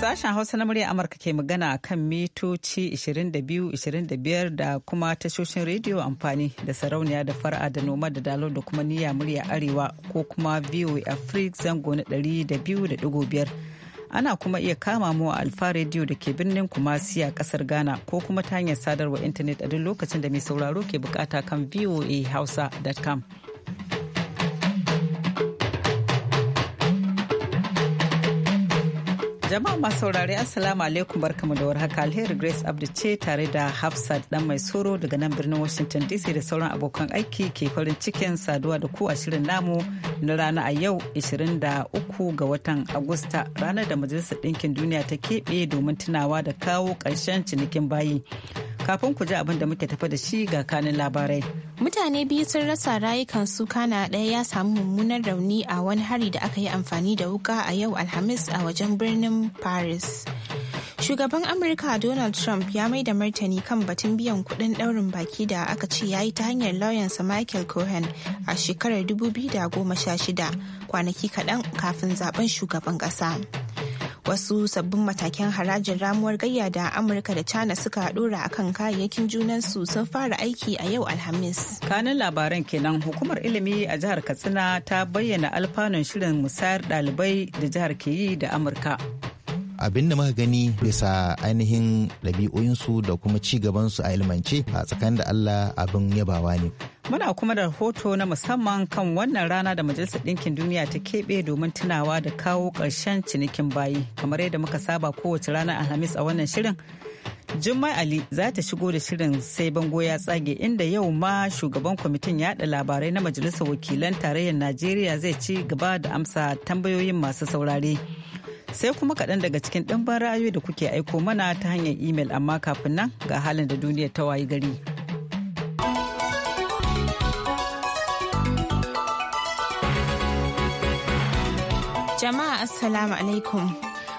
Sashen Hausa na murya Amurka ke magana kan mitoci 22, 25 da kuma tashoshin rediyo amfani da sarauniya da fara da noma da dalo da kuma niyya murya arewa ko kuma VOA Africa zango na 200.5. Ana kuma iya kama mu a Alfa Radio da ke birnin Kumasi a kasar Ghana ko kuma ta hanyar sadarwa intanet a duk lokacin da mai sauraro ke bukata kan voahausa.com. Jama'a masu saurari Assalamu alaikum barkamu da warhaka alheri Grace Abdu ce tare da Hafsat dan mai soro daga nan birnin Washington DC da sauran abokan aiki ke farin cikin saduwa da ku a shirin namu na rana a yau 23 ga watan Agusta ranar da Majalisar Ɗinkin Duniya ta keɓe domin tunawa da kawo ƙarshen cinikin bayi. kafin ku ji abin da muke tafa da shi ga kanin labarai. Mutane biyu sun rasa rayukansu kana ɗaya ya samu mummunar rauni a wani hari da aka yi amfani da wuka a yau Alhamis a wajen birnin Paris. Shugaban Amurka Donald Trump ya mai da martani kan batun biyan kuɗin ɗaurin baki da aka ce ya yi ta hanyar lauyansa Michael Cohen a shekarar 2016 kwanaki kaɗan kafin zaben shugaban ƙasa. wasu sabbin matakin harajin ramuwar gayya da amurka da china suka dora kan kayayyakin junansu sun fara aiki a yau alhamis kanin labaran kenan hukumar ilimi a jihar katsina ta bayyana alfanun shirin musayar dalibai da jihar ke yi da amurka abin da muka gani bisa ainihin ɗabi'oyinsu da kuma ci gabansu a ilmance a tsakanin da allah abin yabawa ne Muna kuma da rahoto na musamman kan wannan rana da Majalisar Ɗinkin Duniya ta keɓe domin tunawa da kawo ƙarshen cinikin bayi. Kamar yadda muka saba kowace rana Alhamis a wannan shirin. Jummai Ali za ta shigo da shirin sai bango ya tsage inda yau ma shugaban kwamitin yaɗa labarai na Majalisar Wakilan Tarayyar Najeriya zai ci gaba da amsa tambayoyin masu saurare. Sai kuma kaɗan daga cikin ɗimbin ra'ayoyi da kuke aiko mana ta hanyar imel amma kafin nan ga halin da duniyar ta wayi gari. assalamu alaikum.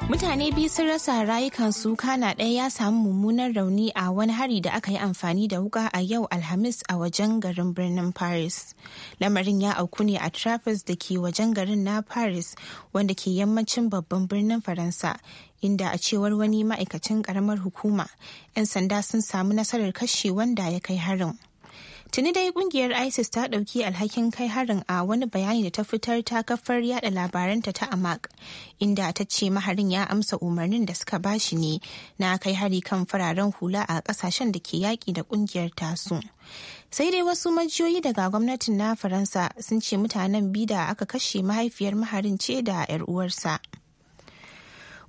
Mutane biyu sun rasa rayukansu kana ɗaya ya samu mummunan rauni a wani hari da aka yi amfani da wuka a yau Alhamis a wajen garin birnin Paris. Lamarin ya auku ne a Trappist da ke wajen garin na Paris wanda ke yammacin babban birnin Faransa inda a cewar wani ma'aikacin ƙaramar hukuma 'yan sanda sun samu nasarar kashe wanda ya kai harin. Tuni dai kungiyar ISIS ta ɗauki alhakin kai harin a wani bayani da ta fitar ta kafar yada labaranta ta Amak, inda ta ce maharin ya amsa umarnin da suka bashi ne na kai hari kan fararen hula a ƙasashen da ke yaƙi da kungiyar tasu. Sai dai wasu majiyoyi daga gwamnatin na Faransa sun ce mutanen biyu da aka kashe mahaifiyar maharin ce da 'yar uwarsa.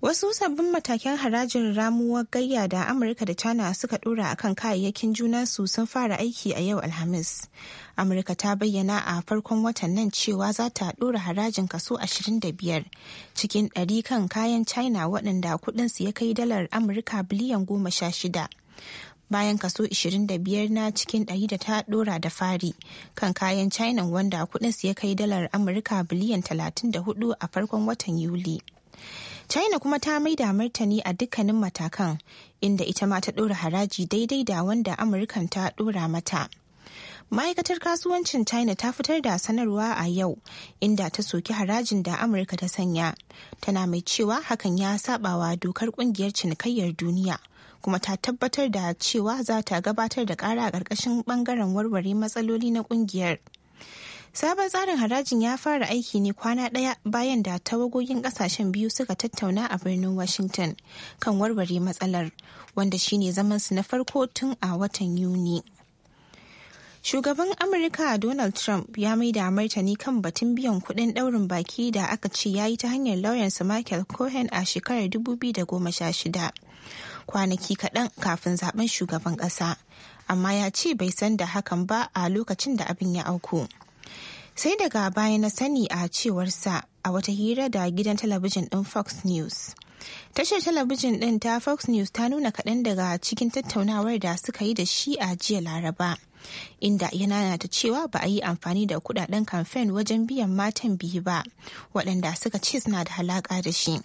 Wasu sabbin matakin harajin ramuwar gayya da Amurka da China suka dora kan kayayyakin su sun fara aiki a yau Alhamis. Amurka ta bayyana a farkon watan nan cewa za ta dora harajin kaso 25 cikin ɗari kan kayan China waɗanda kuɗinsu ya kai dalar Amurka biliyan goma sha shida. bayan kaso 25 na cikin 100 da ta dora da fari kan kayan china wanda kudinsu ya kai dalar amurka biliyan 34 a farkon watan yuli China kuma ta maida martani a dukkanin matakan inda ita ma ta ɗora haraji daidai da wanda Amurkan ta ɗora mata. ma'aikatar kasuwancin china ta fitar da sanarwa a yau inda ta soki harajin da amurka ta sanya tana mai cewa hakan ya sabawa dokar kungiyar cinikayyar duniya kuma ta tabbatar da cewa za ta gabatar da kara a ƙarƙashin ɓangaren warware matsaloli na kungiyar Sabon tsarin harajin ya fara aiki ne kwana ɗaya bayan da tawagogin ƙasashen biyu suka tattauna a birnin Washington kan warware matsalar, wanda shine zamansu na farko tun a watan Yuni. Shugaban Amurka Donald Trump ya maida martani kan batun biyan kuɗin ɗaurin baki da aka ce ya yi ta hanyar lauyansa Michael Cohen a shekarar 2016, kwanaki kaɗan kafin zaben shugaban ƙasa, amma ya ce bai san da hakan ba a lokacin da abin ya auku. sai daga baya na sani a cewarsa a wata hira da gidan talabijin ɗin fox news tashar talabijin ɗin ta fox news ta nuna kaɗan daga cikin tattaunawar da suka yi da shi a jiya laraba inda ya ta cewa ba a yi amfani da kudaden kamfen wajen biyan matan biyu ba waɗanda suka ce suna da halaƙa da shi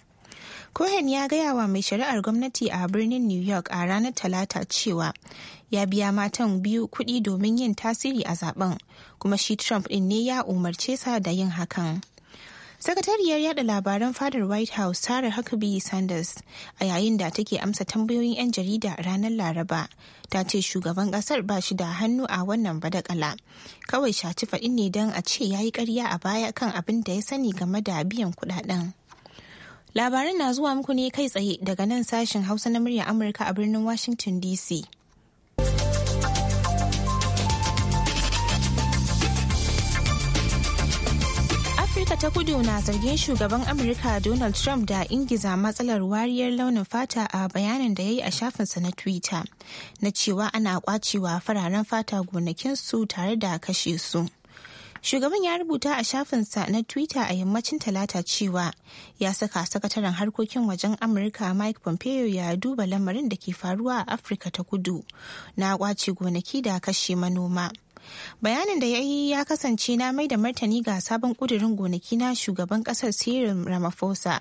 cohen ya gaya wa mai shari'ar gwamnati a birnin new york a ranar talata cewa ya biya matan biyu kuɗi domin yin tasiri a zaben kuma shi trump ɗin ne ya umarce sa da yin hakan sakatariyar yada labaran fadar white house sarah huckabee sanders a yayin da take amsa tambayoyin 'yan jarida ranar laraba ta ce shugaban kasar ba shi da hannu a wannan badakala kawai shaci faɗi ne don a ce ya yi karya a baya kan abin da ya sani game da biyan kudaden. Labaran na zuwa muku ne kai tsaye daga nan sashen Hausa na muryar Amurka a birnin Washington DC. Afirka ta kudu na zargin shugaban Amurka Donald Trump da ingiza matsalar wariyar launin fata a bayanin da ya yi a shafinsa na Twitter na cewa ana kwacewa fararen fata gonakinsu tare da kashe su. Shugaban ya rubuta a shafinsa na Twitter a yammacin talata cewa ya saka sakataren harkokin wajen Amurka Mike Pompeo ya duba lamarin da ke faruwa a Afirka ta kudu na kwace gonaki da kashe manoma. bayanin da ya yi ya kasance na mai da martani ga sabon kudirin gonaki na shugaban kasar cyril ramaphosa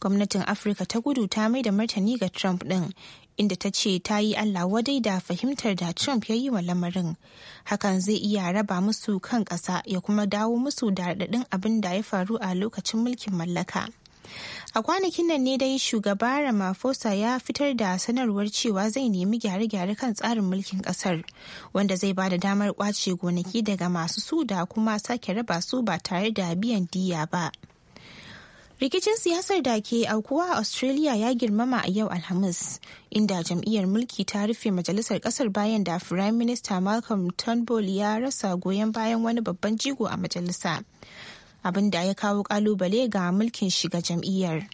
gwamnatin afirka ta gudu ta mai da martani ga trump din inda ta ce ta yi Allah wadai da fahimtar da Trump ya yi wa lamarin. Hakan zai iya raba musu kan ƙasa ya kuma dawo musu da raɗaɗin abin da ya faru a lokacin mulkin mallaka. A kwanakin nan ne dai shugaba Ramaphosa ya fitar da sanarwar cewa zai nemi gyare-gyare kan tsarin mulkin kasar wanda zai ba da damar kwace gonaki daga masu su da kuma sake raba su ba tare da biyan diya ba. Rikicin siyasar da ke aukuwa a Australia ya girmama a yau Alhamis, inda jam'iyyar mulki ta rufe majalisar kasar bayan da Firayim Minista Malcolm Turnbull ya rasa goyon bayan wani babban jigo a majalisa. Abin da ya kawo kalubale ga mulkin shiga jam'iyyar.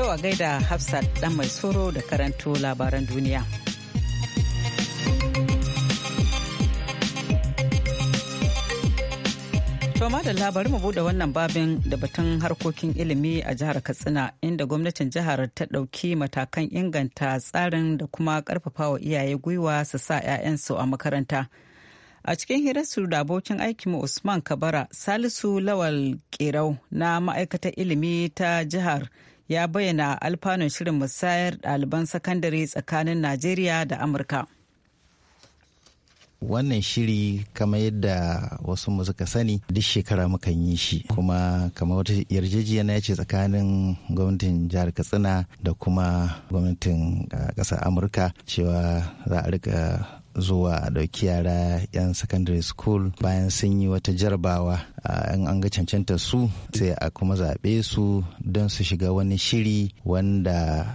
To a gaida Hafsat dan mai tsoro da karanto labaran duniya. To da bari mu bude wannan babin da batun harkokin ilimi a jihar Katsina inda gwamnatin jihar ta ɗauki matakan inganta tsarin da kuma wa iyaye gwiwa su sa 'ya'yansu a makaranta. A cikin hirarsu da abokin aikinmu Usman Kabara Salisu Lawal Kerau na ma'aikatar ilimi ta jihar ya bayyana alfanun shirin musayar ɗaliban sakandare tsakanin Najeriya da Amurka. wannan shiri kama yadda wasu mu suka sani duk shekara mukan yi shi kuma kamar wata yarjejeniya ce tsakanin gwamnatin jihar katsina da kuma gwamnatin ah, ƙasar amurka cewa za a rika zuwa a ɗauki yara 'yan secondary school bayan sun yi wata jarabawa in an ga cancanta su sai a kuma zaɓe su don su shiga wani shiri wanda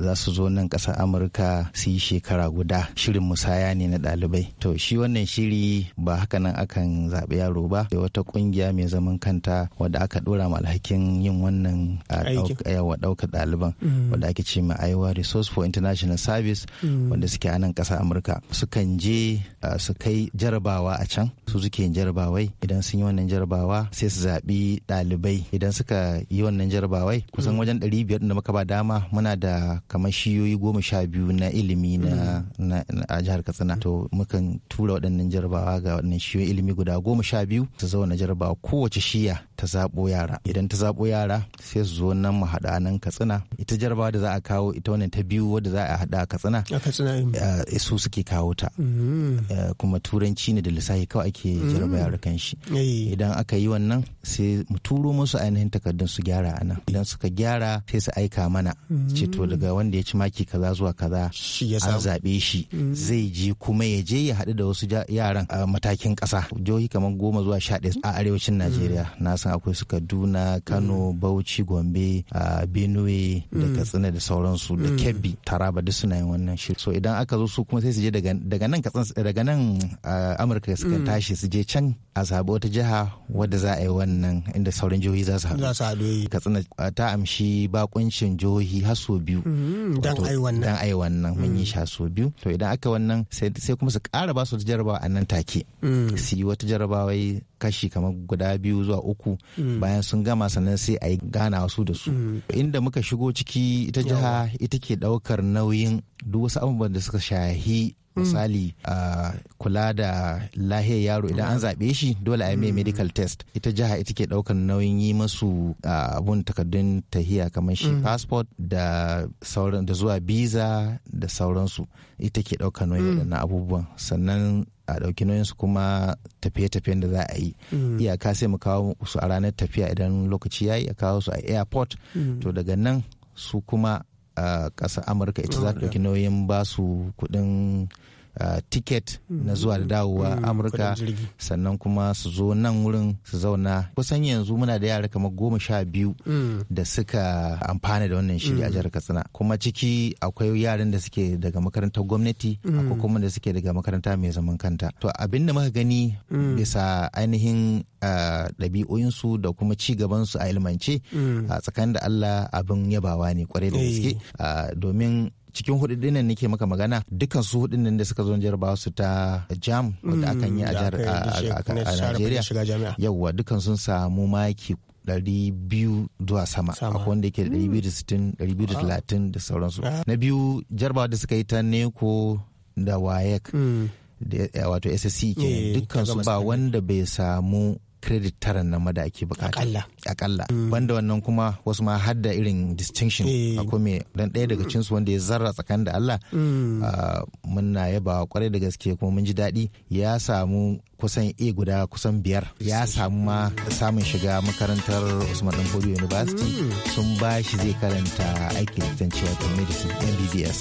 za su zo nan ƙasar amurka su yi shekara guda shirin musaya ne na ɗalibai to shi wannan shiri ba haka nan akan zaɓe yaro ba da wata ƙungiya mai zaman kanta wadda aka ɗora ma alhakin yin wannan a ɗauka ɗaliban mm. wadda ake ce ma iowa resource for international service mm. wanda suke a nan ƙasar amurka suka sukan je ah, su kai jarabawa a can su suke yin jarabawai idan sun yi wannan jarabawa sai su zaɓi ɗalibai idan suka yi wannan jarabawai kusan hmm. wajen ɗari biyar da muka ba dama muna da kamar shiyoyi goma sha biyu na ilimi na hmm. a jihar katsina to mukan tura waɗannan jarabawa ga waɗannan shiyoyi ilimi guda goma sha biyu su zauna jarabawa kowace shiya ta zaɓo yara idan ta zaɓo yara sai su zo nan mu haɗa nan katsina ita jarba da za a kawo ita wannan ta biyu wadda za a haɗa katsina a katsina eh, su suke kawo ta mm-hmm. eh, kuma turanci ne da lissafi kawai ake mm-hmm. jarba yara kan shi idan aka yi wannan sai mu turo musu ainihin takardun su gyara a nan idan suka gyara sai su aika mana ce to mm-hmm. daga wanda ya ci maki kaza zuwa kaza an zaɓe shi zai je kuma ya je ya haɗu da wasu yaran a matakin ƙasa jihohi kamar goma zuwa sha ɗaya a arewacin najeriya na san san akwai su kaduna kano mm. bauchi gombe benue da mm. katsina da sauransu da mm. kebbi taraba duk suna yin wannan shiri so idan aka zo su kuma sai su je daga nan daga nan amurka suka tashi su je can a zaɓi wata jiha wadda za a yi wannan inda sauran jihohi za su haɗu. Eh. Katsina ta amshi bakuncin jihohi haso biyu. Mm-hmm. Dan ai wannan. Dan wannan mun yi mm. sha so biyu. To idan aka wannan sai kuma su ƙara ba su wata jarabawa a nan take. Mm. Su yi wata jarabawa kashi kamar guda biyu zuwa uku mm. bayan sun gama sannan sai a yi gana wasu da su. Inda muka shigo ciki ita jiha ita ke ɗaukar nauyin duk wasu abubuwan da suka shahi misali a kula da lahiyar yaro idan an zaɓe shi dole a yi mai mm. medical test ita jiha ita ke ɗaukar nauyin yi masu abun takardun tahiya kamar shi mm. passport da sauran da zuwa biza da sauransu ita ke ɗaukar nauyin mm. na abubuwan sannan a ɗauki nauyinsu kuma tafiye-tafiyen da za a yi iyaka sai mu kawo su a ranar tafiya idan lokaci ya yi a kawo su a airport to daga nan su kuma a ƙasar amurka ita za ta ɗauki nauyin basu kuɗin Uh, ticket mm. na zuwa da dawowa mm, amurka sannan kuma su zo nan wurin su zauna kusan yanzu muna da yara kamar goma sha biyu mm. da suka amfana da wannan shiri a jihar katsina kuma ciki akwai yaran da suke daga makarantar gwamnati akwai kuma da suke daga makaranta mai zaman kanta to abin da muka gani bisa ainihin uh, ɗabi'oyinsu da kuma ci gaban su a ilmance a tsakanin da allah abin yabawa ne kwarai da eh. gaske uh, domin cikin hudu nan nake maka magana dukkan su hudu nan da suka zo jarabawa su ta jam wanda akan yi a Najeriya yawwa dukkan sun samu maki biyu zuwa sama akwai wanda yake dari biyu da ah. sauransu ah. na biyu jarabawa da suka yi ta neko da wayek mm. wato ssc ke eh, dukkan su ba wanda bai samu credit tara nan ma da ake bukata akalla mm. banda wannan kuma wasu ma har irin distinction eh. akwai mai dan ɗaya daga cinsu wanda ya zarra tsakanin da Allah mm. ah, muna yaba kwarai da gaske kuma mun ji daɗi ya samu kusan A guda kusan biyar ya samu ma samun shiga makarantar Usman Danfodiyo University mm. sun ba shi zai karanta aikin cewa wato medicine MBBS.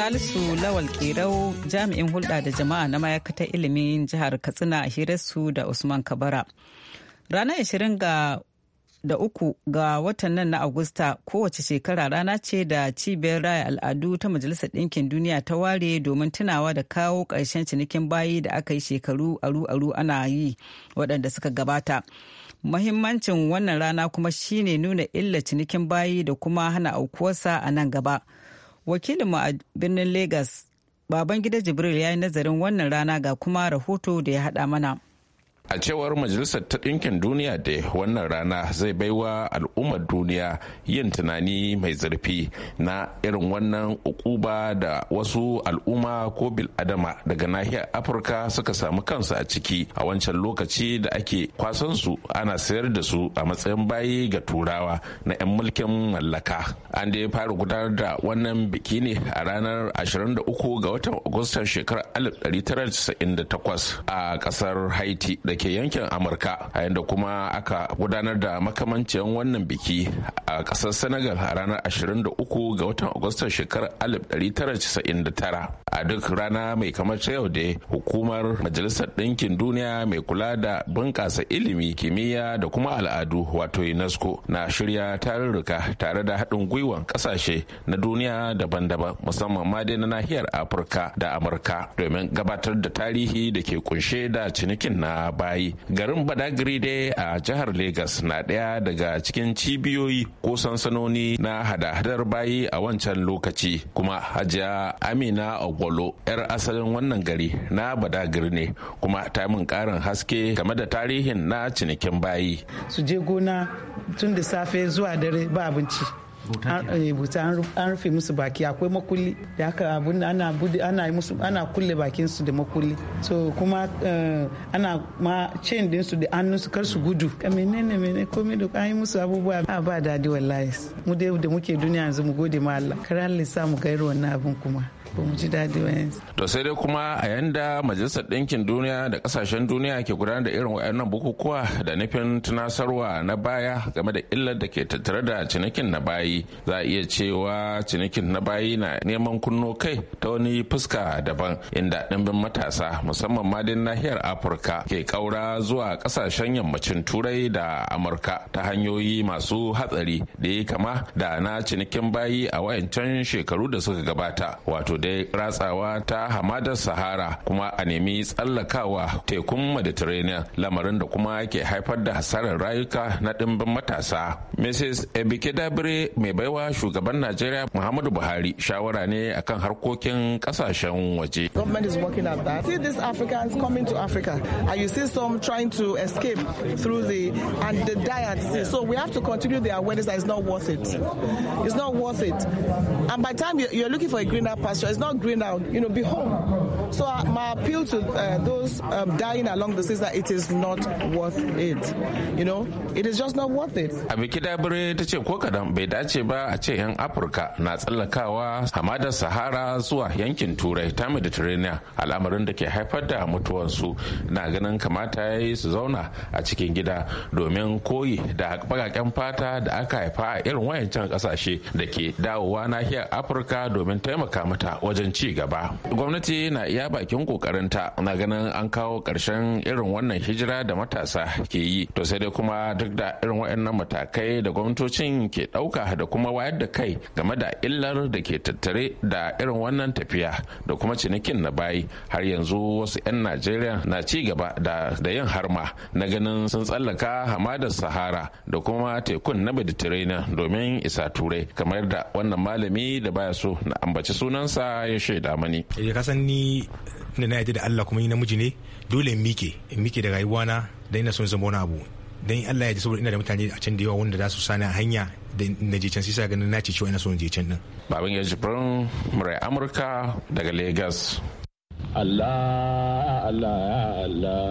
Salisu Lawal Kerau jami'in hulɗa da jama'a na ma'aikatar ilimin jihar Katsina a hirarsu da Usman Kabara. rana 20 ga da uku ga watan nan na Agusta kowace shekara rana ce da cibiyar raya al'adu ta Majalisar Ɗinkin Duniya ta ware domin tunawa da kawo ƙarshen cinikin bayi da aka yi shekaru aru-aru ana yi waɗanda suka gabata. Muhimmancin wannan rana kuma shine nuna illa cinikin bayi da kuma hana aukuwarsa a nan gaba. wakilinmu a birnin Legas, Babangida Jibril ya yi nazarin wannan rana ga kuma rahoto da ya haɗa mana. a cewar majalisar ta ɗinkin duniya da wannan rana zai baiwa al'ummar duniya yin tunani mai zurfi na irin wannan ukuba da wasu al'umma ko biladama daga nahiyar afirka suka samu kansu a ciki a wancan lokaci da ake kwasan su ana sayar da su a matsayin bayi ga turawa na 'yan mulkin mallaka an dai fara gudanar da wannan biki ne a ranar 23 ga watan agustan shekarar 1998 a ƙasar haiti da ke yankin amurka a yadda kuma aka gudanar da makamancin wannan biki a ƙasar senegal a ranar 23 ga watan agustan shekarar 1999 a duk rana mai kamar ta yau da hukumar majalisar ɗinkin duniya mai kula da bunƙasa ilimi kimiyya da kuma al'adu wato unesco na shirya tarurruka tare da haɗin gwiwan ƙasashe na duniya daban-daban musamman ma dai na nahiyar afirka da amurka domin gabatar da tarihi da ke kunshe da cinikin na baya bayi garin badagiri dai a jihar Legas na ɗaya daga cikin cibiyoyi ko sansanoni na hada-hadar bayi a wancan lokaci kuma hajiya amina ogbolo 'yar asalin wannan gari na badagiri ne kuma ta min karin haske game da tarihin na cinikin bayi su je gona tun da safe zuwa dare ba abinci bauta eh, an rufe musu baki akwai makulli da aka abun ana ana musu ana kulle bakin su da makulli so kuma eh, ana ma chain din su da hannun su kar su gudu menene menene komai da an yi musu abubuwa a ba dadi wallahi mu da muke duniya yanzu mu gode ma Allah kar Allah ya sa mu ga wannan abun kuma ba ji daɗi ba yanzu. To sai dai kuma a yanda Majalisar Ɗinkin Duniya da ƙasashen duniya ke gudanar da irin wayannan bukukuwa da nufin tunasarwa na baya game da illar da ke tattare da cinikin na bayi za a iya cewa cinikin na bayi na neman kunno kai ta wani fuska daban inda ɗimbin matasa musamman ma da nahiyar Afirka ke ƙaura zuwa ƙasashen yammacin Turai da Amurka ta hanyoyi masu hatsari da ya kama da na cinikin bayi a wayancan shekaru da suka gabata wato dai ratsawa ta hamadar sahara kuma a nemi tsallakawa tekun mediterranean lamarin da kuma ke haifar da hasarar rayuka na ɗimbin matasa mrs ebike dabire mai baiwa shugaban najeriya muhammadu buhari shawara ne akan harkokin kasashen waje And you see some trying to escape through the and the die at sea. So we have to continue the awareness that it's not worth it. It's not worth it. And by the time you're looking for a greener pasture, it's not green now. You know, be home. So uh, my appeal to uh, those um, dying along the seas that it is not worth it. You know, it is just not worth it. A biki dabire ta ce ko kadan bai dace ba a ce 'yan Afirka na tsallakawa hamadar Sahara zuwa yankin Turai ta Mediterranean al'amarin da ke haifar da mutuwarsu na ganin kamata ya yi su zauna a cikin gida domin koyi da bakaken fata da aka haifa a irin wayancan kasashe da ke dawowa nahiyar Afirka domin taimaka mata wajen ci gaba. Gwamnati na iya iya bakin ta na ganin an kawo karshen irin wannan hijira da matasa ke yi to sai dai kuma duk da irin waɗannan matakai da gwamnatocin ke ɗauka da kuma wayar da kai game da illar da ke tattare da irin wannan tafiya da kuma cinikin na bayi har yanzu wasu 'yan najeriya na ci gaba da yin harma na ganin sun tsallaka hamadar sahara da kuma tekun na mediterranean domin isa turai kamar da wannan malami da baya so na ambaci sunansa ya shaida mani eh, na na yadda da Allah kuma ni namiji ne dole in mike in mike da rayuwana da ina son zama wani abu dan Allah ya ji saboda ina da mutane a can da yawa wanda za su sani a hanya da na je can sisa ganin na ce cewa ina son je can din baban ya jibrin murai Amurka daga Lagos Allah Allah ya Allah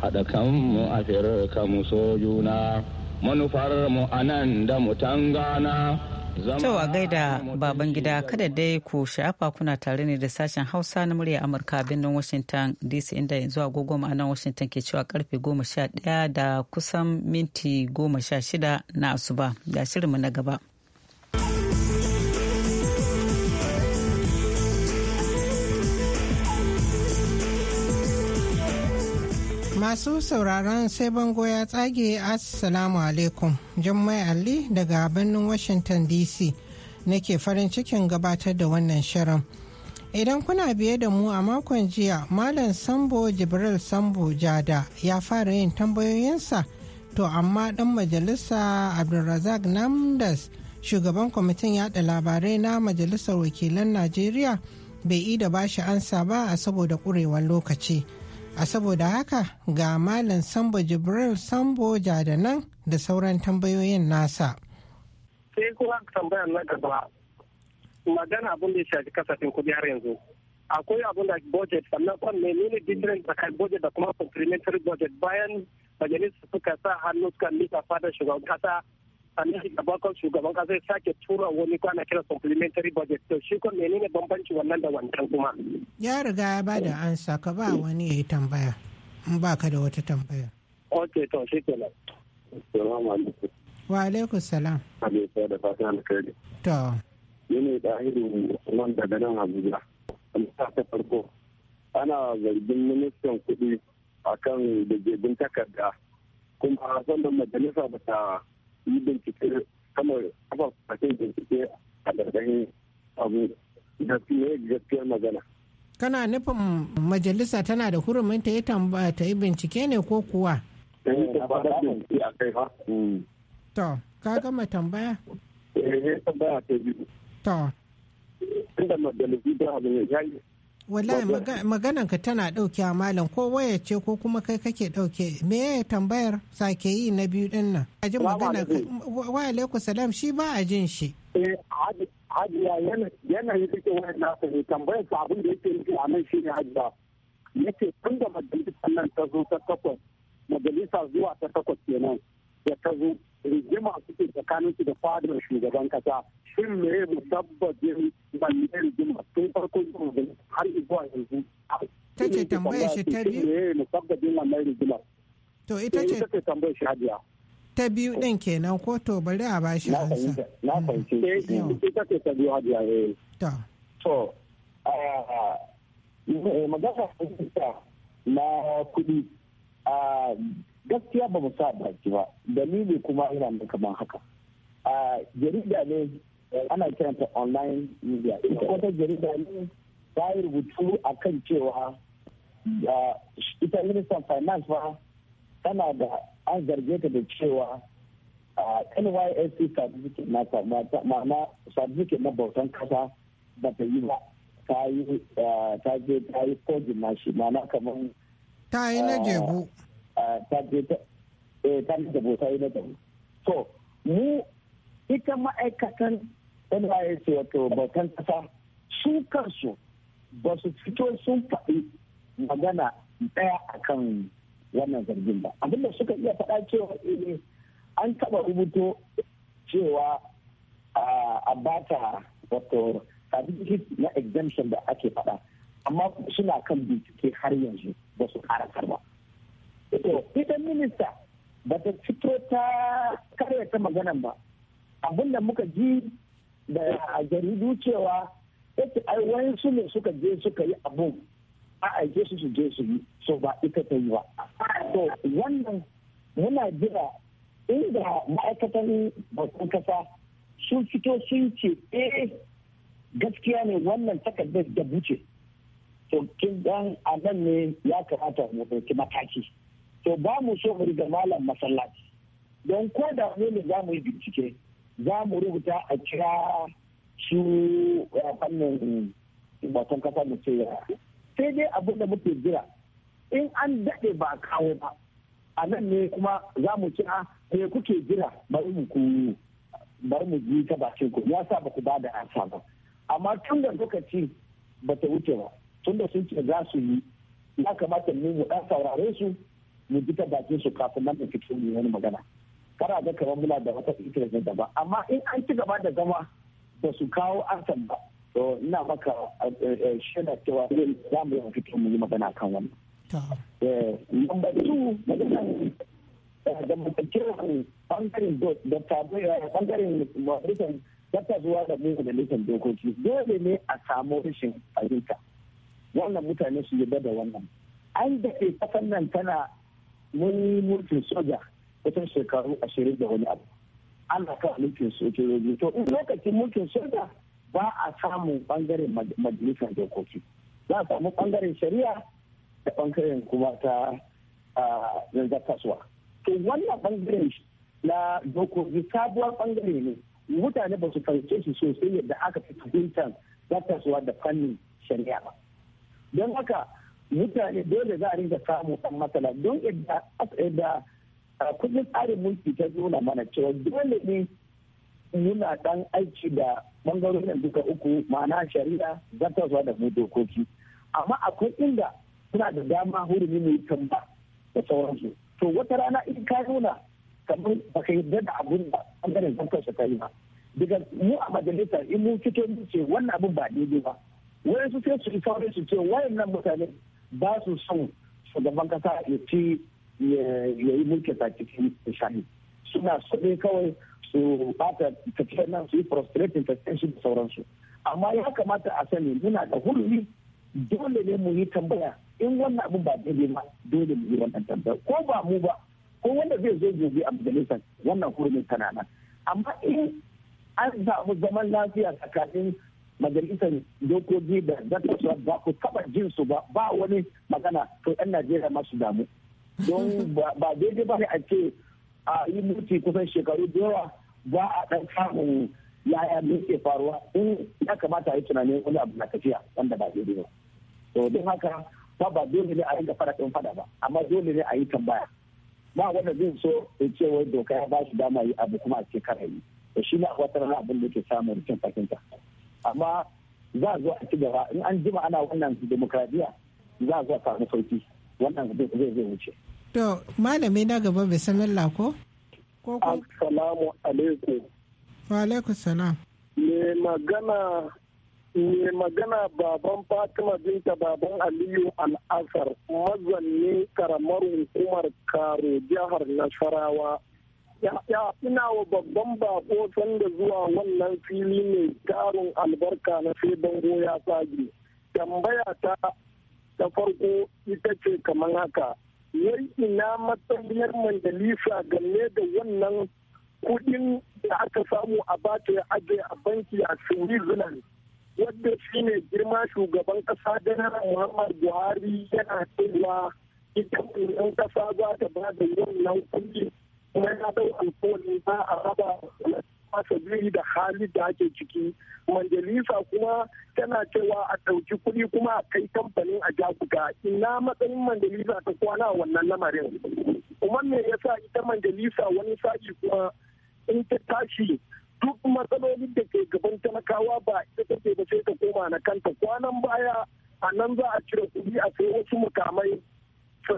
hada kanmu a fere kanmu so juna manufar mu anan da mutangana tangana Cewa gaida baban gida kada dai ku sha'afa kuna tare ne da sashen Hausa na murya Amurka birnin Washington DC inda yanzu agogo ma'anar Washington ke cewa karfe goma sha daya da kusan minti goma sha shida na asuba ga shirinmu na gaba. Masu sauraron sai bango ya tsage Assalamu alaikum. Jummai Ali daga birnin Washington DC nake farin cikin gabatar da wannan shirin. Idan kuna biye da mu a makon jiya, Malam Sambo Jibril Sambo Jada ya fara yin tambayoyinsa, to amma ɗan majalisa Abdulrazak Namdas, shugaban kwamitin yada labarai na Majalisar Wakilan Najeriya, bai ida bashi ansa ba a saboda ƙurewar lokaci. a saboda haka ga malam sambo jibril sambo jadanan da sauran tambayoyin nasa sai kuma tambayar na gaba magana abin da ya shafi kasafin kudi har yanzu akwai abin da budget sannan kwan menene difference tsakanin budget da kuma complementary budget bayan majalisar suka sa hannu suka nisa fadar shugaban kasa sannan kan shugaban kasa ya sake tura wani kwana kira supplementary budget to shi kuma menene bambanci wannan da wannan kuma ya riga ya ba da ansa ka ba wani ya yi tambaya in ba ka da wata tambaya ok to shi kenan salamu alaikum wa alaikum salam alaikum da fatan alkhairi to ni ne dahiru usman daga nan abuja amsa ta farko ana zargin ministan kuɗi akan da jebin takarda kuma a sannan majalisa ba ta yi bincike kamar kafa fasin bincike a gargarin abu da fiye gaskiyar magana. Kana nufin majalisa tana da hurumin ta yi ta yi bincike ne ko kuwa? Eh, ta yi tambaya bincike a kai fa. Hmm. To, ka gama tambaya? Eh, tambaya ta biyu. To. Inda majalisi ta abin ya yi wallahi maganan ka tana dauke malam ko waya ce ko kuma kai kake ɗauke. me ya tambayar sake yi na biyu din nan a ji magana wa alaiku salam shi ba a jin shi eh, hajiya yana yi kake wayar nasa ne tambayar sa abin da yake nufi a nan shine hajiya yake tun da majalisar nan ta zo ta takwas majalisa zuwa ta takwas kenan da ta zo rigima suke tsakanin su da fadar shugaban kasa shin me ya musabbabin wannan rigima tun farkon zuwa har zuwa yanzu ta ce tambaya shi ta biyu me ya musabbabin wannan rigima to ita ce eh, ta tambaya shi hadiya ta biyu din kenan ko to bari a ba shi hansa na fahimci na fahimci mm, eh, ita ce ta biyu hadiya ne eh. to magana ta na kuɗi gaskiya ba mu sa baki ba dalili kuma ina nan kamar haka a jarida ne ana kiranta online media ita wata jarida ne ta yi rubutu a kan cewa ita ministan finance ba tana da an zarge ta da cewa nysc certificate na ma'ana certificate na bautan kasa ba ta yi ba ta je ta yi kogin na shi ma'ana kamar ta yi na jebu ta je ta da eh, bota na gari to mu ita ma'aikatan NYS wato bautan kasa su kansu ba su fito sun faɗi magana ɗaya akan wannan zargin ba abinda suka iya faɗa cewa an taɓa rubuto cewa a bata wato certificate na exemption da ake faɗa amma suna kan bincike har yanzu ba su ƙara karba. to ita minista ba ta fito ta karya ta maganan ba abinda muka ji da jaridu cewa yake ai wayansu ne suka je suka yi abu a aike su su je su yi so ba ita ta yi ba to wannan muna jira inda ma'aikatan bakon kasa sun fito sun ce eh gaskiya ne wannan takardar da buce to kin dan a nan ne ya kamata mu ɗauki mataki to ba mu so mu riga malam masallaci don ko da mu ne za mu yi bincike za mu rubuta a kira su eh, fannin batun kasa mu ce sai dai abin da muke jira in an daɗe ba kawo ba a nan ne kuma za mu kira sai kuke jira bari mu ku bari mu ji ta bakin ku ya sa ba ku ba da asa ba amma tun da lokaci ba ta wuce ba tun da sun ce za su yi ya kamata mu mu ɗan saurare su mu ji ta bakin su kafin nan da fito mu wani magana kana ga kamar muna da wata interest da ba amma in an ci gaba da zama ba su kawo ansan ba to ina maka eh, eh, shaida cewa za mu yi fito mu yi magana kan wannan eh, number two maganan zamantakewar bangaren da bangaren majalisar zuwa da mu majalisar dokoki dole ne a samu rashin fahimta wannan mutane su yarda da wannan an da ke kasan nan tana mun yi mulkin soja kusan shekaru ashirin da wani abu ana kan mulkin sojoji to in lokacin mulkin soja ba a samun bangaren majalisar dokoki za a samu bangaren shari'a da bangaren kuma ta zanzar kasuwa to wannan bangaren na dokoki sabuwar bangare ne mutane ba su fahimce shi sosai yadda aka fi fahimtar zartaswa da fannin shari'a ba don haka mutane dole za a rinka samu kan matsala don yadda kudin tsarin mulki ta nuna mana cewa dole ne muna dan aiki da bangarorin duka uku ma'ana shari'a zartaswa da mu dokoki amma akwai inda suna da dama hurumi mai tamba da sauransu to wata rana in ka nuna kamar ka yarda da abun da bangaren zartaswa ta yi ba daga mu a majalisa in mun fito mu ce wannan abun ba daidai ba wayansu sai su yi saurin su ce wayannan mutane ba su son shugaban kasa ya ci ya yi mulki ta cikin shahi suna so kawai su bata tafiyar nan su yi prostrating tafiyar shi da sauransu amma ya kamata a sani muna da hulmi dole ne mu yi tambaya in wannan abin ba daidai ba dole mu yi wannan tambaya ko ba mu ba ko wanda zai zo gobe a majalisar wannan hurmin tana nan amma in an samu zaman lafiya tsakanin majalisar dokoki da zartaswa ba ku taba jin su ba ba wani magana to yan najeriya masu damu don ba daidai ba ne a ce a yi mutu kusan shekaru da yawa ba a dan samun yaya ne ke faruwa in ya kamata a yi tunanin wani abu na tafiya wanda ba daidai ba to don haka ba ba dole ne a yi fada ɗin fada ba amma dole ne a yi tambaya ba wanda zai so ya ce wai doka ya ba shi dama yi abu kuma a ce kara yi to shi ne a wata rana abin da ke samun rikin fahimta amma za a zo a ci gaba in an jima ana wannan demokradiya za a zo a samu sauki wannan zai zai wuce. To malami na gaba bisamillah ko? Assalamu alaikum. Wa alaikum salam. Me magana me magana baban Fatima binta baban Aliyu al-Asar mazanni karamar hukumar Karo jihar Nasarawa ya ina wa babban bako sanda zuwa wannan fili mai tarin albarka na sai bango ya tsage tambaya ta ta farko ita ce kamar haka yai ina matsayiyar majalisa game da wannan kudin da aka samu a bata ya aje a banki a switzerland wadda shine girma shugaban kasa janaral muhammad buhari yana cewa ita wannan kasa za ta ba da wannan kudin. kuma na dau alkawari za a raba masa biri da hali da ake ciki majalisa kuma tana cewa a ɗauki kuɗi kuma a kai kamfanin a jakuka ina matsayin majalisa ta kwana wannan lamarin kuma me yasa ita majalisa wani sashi kuma in ta tashi duk matsalolin da ke gaban talakawa ba ita take ba sai ta koma na kanta kwanan baya a nan za a cire kuɗi a sai wasu mukamai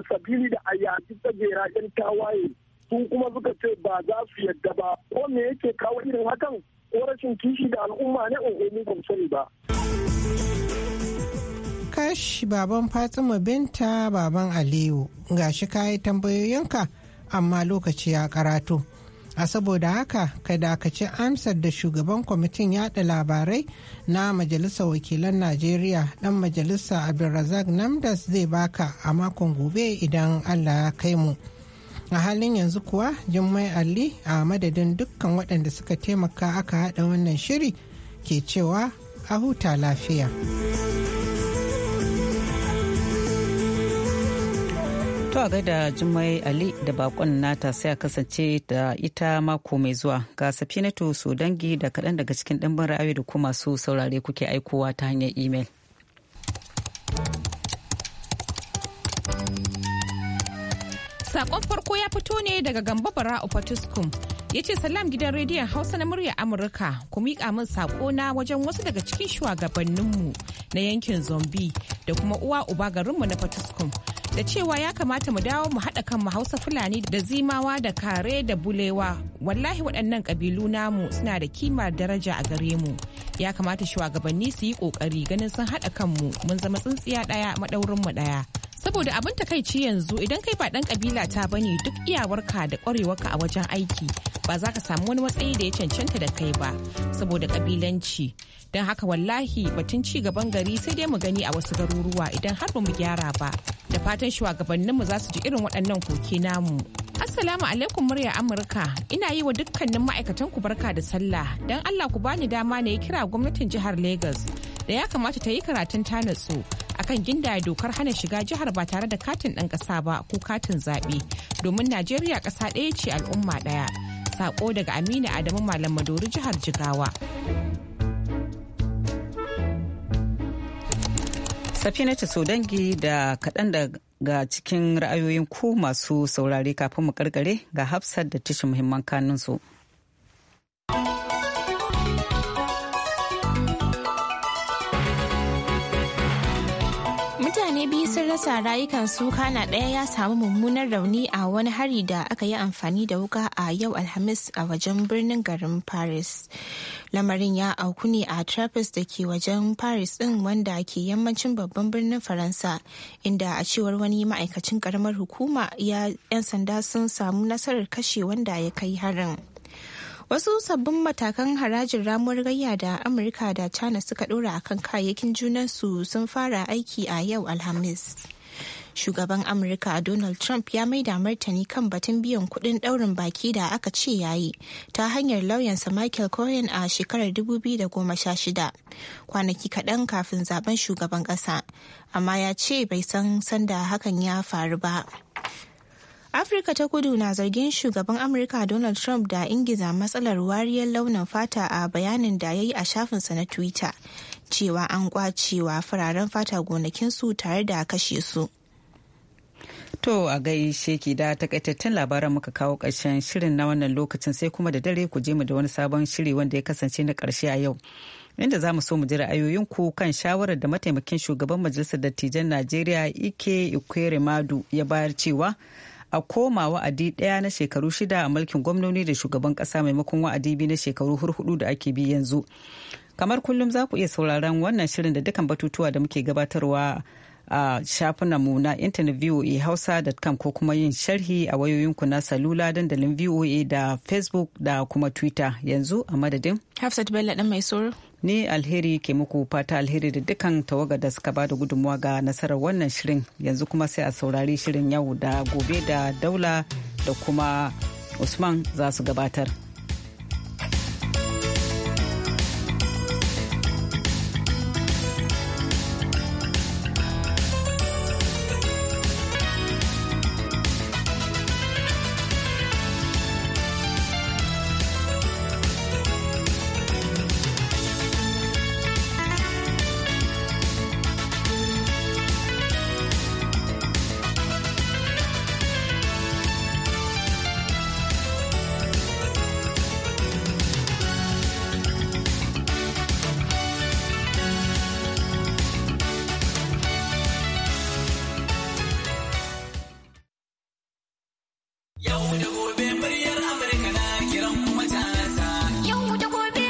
sabili da a yaƙi tsagera 'yan tawaye sun kuma suka ce ba za su yadda ba ko me yake kawo irin hakan ko rashin kishi da al'umma ne eh, in ban sani ba. Kash baban Fatima Binta baban Aliyu gashi kayi tambayoyinka amma lokaci ya karatu. a saboda haka ka dakaci amsar da shugaban kwamitin yada labarai na majalisar wakilan najeriya dan majalisa abdulrazak namdas zai baka a makon gobe idan allah ya kai mu a halin yanzu kuwa jummai ali a madadin dukkan waɗanda suka taimaka aka haɗa wannan shiri ke cewa a huta lafiya to a gaida jummai ali da bakon nata sai a kasance da ita mako mai zuwa ga safinatu su dangi da kaɗan daga cikin ɗanbin ra'ayi da kuma su saurare kuke aikowa ta hanyar imel. Sakon farko ya fito ne daga Gambo bara Fatuskum. Ya ce salam gidan rediyon Hausa na murya Amurka ku miƙa min sako na wajen wasu daga cikin shugabanninmu na yankin zombi da kuma uwa uba garinmu na Fatuskum. Da cewa ya kamata mu dawo mu haɗa kanmu Hausa Fulani da Zimawa da Kare da Bulewa. Wallahi waɗannan ƙabilu namu suna da kima daraja a gare mu. Ya kamata shugabanni su yi ƙoƙari ganin sun haɗa kanmu mun zama tsintsiya ɗaya maɗaurinmu ɗaya. saboda abin takaici yanzu idan kai ba dan kabila ta bane duk iyawarka da kwarewarka a wajen aiki ba za ka samu wani matsayi da ya cancanta da kai ba saboda kabilanci don haka wallahi batun ci gaban gari sai dai mu gani a wasu garuruwa idan har mu gyara ba da fatan shugabanninmu za su ji irin waɗannan koke namu assalamu alaikum murya amurka ina yi wa dukkanin ma'aikatan ku barka da sallah don allah ku bani dama ne ya kira gwamnatin jihar Legas. da ya kamata ta yi karatun ta natsu akan ginda dokar hana shiga jihar ba tare da katin ɗan ƙasa ba ko katin zaɓe domin najeriya ƙasa ɗaya ce al'umma ɗaya sako daga aminu adamu malam madori jihar jigawa safina so dangi da kaɗan daga cikin ra'ayoyin ku masu saurare kafin mu karkare ga hafsar da tishin muhimman kanunsu. su sun rasa rayukan suka na ɗaya ya samu mummunar rauni a wani hari da aka yi amfani da wuka a yau alhamis a wajen birnin garin paris lamarin ya auku ne a trappist da ke wajen paris ɗin wanda ke yammacin babban birnin faransa inda a cewar wani ma'aikacin karamar hukuma 'yan sanda sun samu nasarar kashe wanda ya kai harin wasu sabbin matakan harajin ramuwar gayya da amurka da china suka dora kan kayayyakin junansu sun fara aiki a yau alhamis shugaban amurka donald trump ya mai da martani kan batun biyan kudin daurin baki da aka ce yayi ta hanyar lauyansa michael cohen a shekarar 2016 kwanaki kaɗan kafin zaben shugaban ƙasa amma ya ce bai san sanda hakan ya faru ba. afirka ta kudu na zargin shugaban amurka donald trump da ingiza matsalar wariyar launin fata a bayanin da ya yi a shafinsa na twitter cewa an kwacewa fararen fata gonakin su tare da kashe su To a gaishe sheki da takaitattun labaran muka kawo ƙarshen shirin na wannan lokacin sai kuma da dare ku je mu da wani sabon shiri wanda ya kasance na karshe a yau. Inda za mu so mu ji ra'ayoyin ku kan shawarar da mataimakin shugaban majalisar dattijan Najeriya Ike Ikwere Madu ya bayar cewa a koma wa'adi ɗaya na shekaru shida a mulkin gwamnoni da shugaban ƙasa maimakon wa'adi biyu na shekaru hurhudu da ake bi yanzu. Kamar kullum za ku iya sauraron wannan shirin da dukkan batutuwa da muke gabatarwa a mu na intanet voa hausa.com ko kuma yin sharhi a wayoyinku na salula dandalin voa da facebook da kuma twitter yanzu a madadin hafsat bello dan mai soro ni alheri ke muku fata alheri da dukkan tawaga da suka bada gudunmuwa ga nasarar wannan shirin yanzu kuma sai a saurari shirin yau da gobe da daula da kuma usman za su gabatar